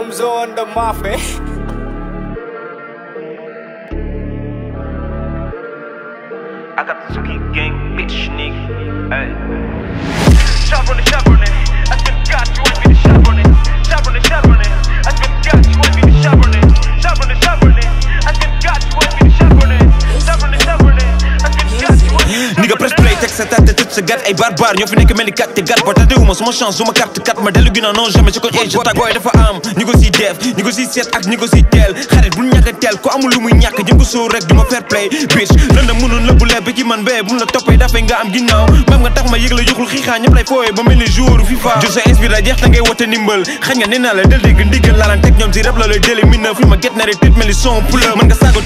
Eh? I got the Suki gang, bitch, nigga. Hey. on the Chevrolet. ce gars, ay barbar ñoo fi nekk mel T'es kat te gat ba c'est suma chance ma carte ma dellu non jamais Je connais ay jota de dafa am ñi Négocie def ñi ko siy ak ñi ko tel, xarit bu ñàkk a ko amul lu muy du ma fair play bitch lëndam de la bu leer ci man bee bu la toppee dafay nga am Même nga tax ma joxul lay ba FIFA sa ngay nga la del si rab la lay jële na ma get nare tëj mel ni son pula mën nga saaga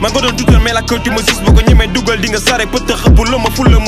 ma mais la ko di nga sare ma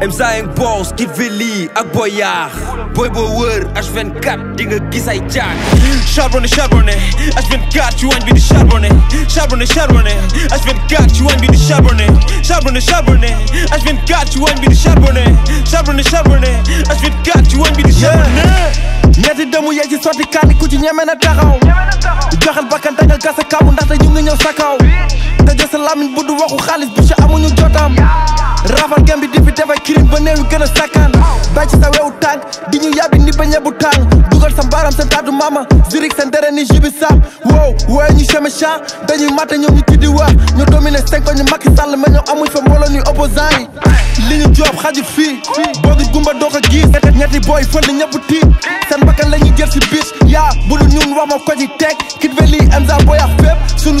M5 Boss Kid Veli ak Boy Yaax booy boo wër H24 di nga gis ay jaag charbonné charbonné H24 ci wañ bi di charbonné charbonné charbonné H24 ci wañ bi di charbonné charbonné charbonné H24 ci wañ bi di charbonné charbonné charbonné H24 ci wañ bi di charbonné ñetti demu yee ci sotti kaani ku ci ñeme na taxaw joxel bakkan dangal gasa kaw ndaxte ñu ngi ñëw sa kaw te jël sa làmmiñ bu du waxu xaalis bu ci amuñu jotam kafar gem bi di fi def ay kirim ba néew yi gën a sakkaan bàyyi ci sa wewu tànk di ñu yàbbi ni ba ñebu tàng dugal sa mbaaram seen taatu mama zirik seen dere ni jibi saab wow wooye ñu cheme chan dañuy mate ñoom ñu tiddi waa ñu domine senko ñu Macky Sall mais ñoo amuñ fa mbooloo ñu opposant yi li ñu joob xajul fii boo gi gumba doo ko gis ñetti booy fël ñëpp tiit seen bakkan la ñuy jël si bis yaa bu dul ñun wax ma ko ci teg kit ve lii Emza booy ak fépp suñu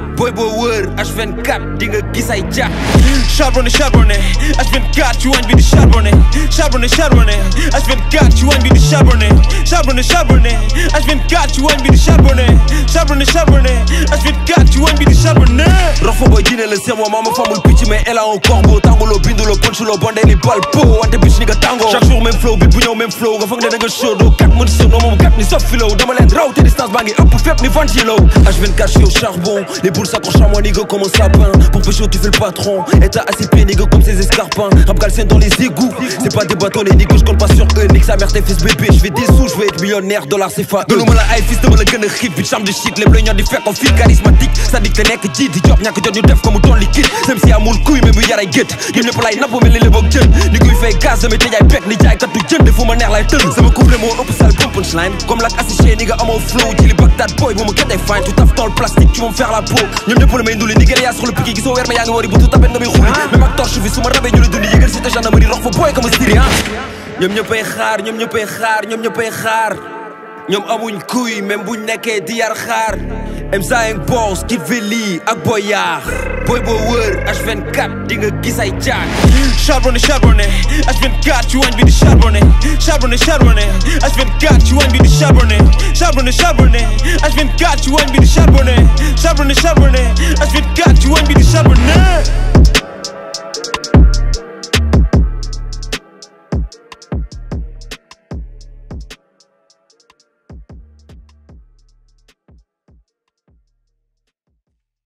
Boy, boy, word, H24 di nga gis ay jax charbonné charbonné H24 ci wañ bi di charbonné charbonné charbonné H24 ci wañ bi di charbonné charbonné charbonné H24 ci wañ bi di charbonné charbonné charbonné H24 ci wañ bi di charbonné rofo boy le dina la semo mama le picc mais elle a un corbeau tangolo bindulo ponchulo bondé li bal po wante bitch ni nga tango chaque jour même flow bi bu ñëw même flow nga foog ne da nga chaud doo kat mën sënoo moom kat ni sof filow dama leen raw te distance baa ngi ëpp fépp ni ventilo H24 ci au charbon les bourses s'accroche à moi, les négo comme un sapin. Pour pécho, tu fais le patron. Et t'as assez les négo comme ces escarpins. Rap galsen dans les égouts. C'est pas des bâtons, les négo, je colle pas sur eux. Nique sa mère, t'es fils bébé. Je vais des sous, je vais être millionnaire. Dollar, c'est fa. De l'homme à la fils de mon gun hip. Bitch, charme de shit. Les bleus, y'en des fers en fil charismatique. Ça dit que t'es nek, dit. Diop, n'y a que Johnny Def comme ton liquide. Même si à mon couille, même y'a la guette. Y'en a pas la nappe, mais les lèvres gun. Ni couille fait gaz, mais t'es y'a bec, ni y'a quand tu Des fous, mon air la Ça me couvre les mots, hop, ça le punchline. Comme la casse, chez nigga, à mon flow. Dis les Bagdad boy, vous me get fine. Tu taffes dans le plastique, tu vas me faire la peau. ñoom ñëpp la may nduli Nigéria sur le piqué gisoo weer ma yaa ngi wari buntu tapet nga may ah. ak torche fi su ma rabee ñu la dundi yëgal cité gendarmerie rox fa booy ko ma siri ah ñoom ñëppay xaar ñoom ñëppay ñoom ñëppay xaar ñoom amuñ kuy même buñ nekkee di yar xaar M5 Boss Kid Veli ak Boy Yaax booy boo wër H24 di I been been You gizayacak Şarbone şarbone Aç beni kaç yuvan beni şarbone Şarbone şarbone Aç beni kaç yuvan beni şarbone Şarbone şarbone Aç beni kaç yuvan beni şarbone Şarbone şarbone Aç beni kaç yuvan beni şarbone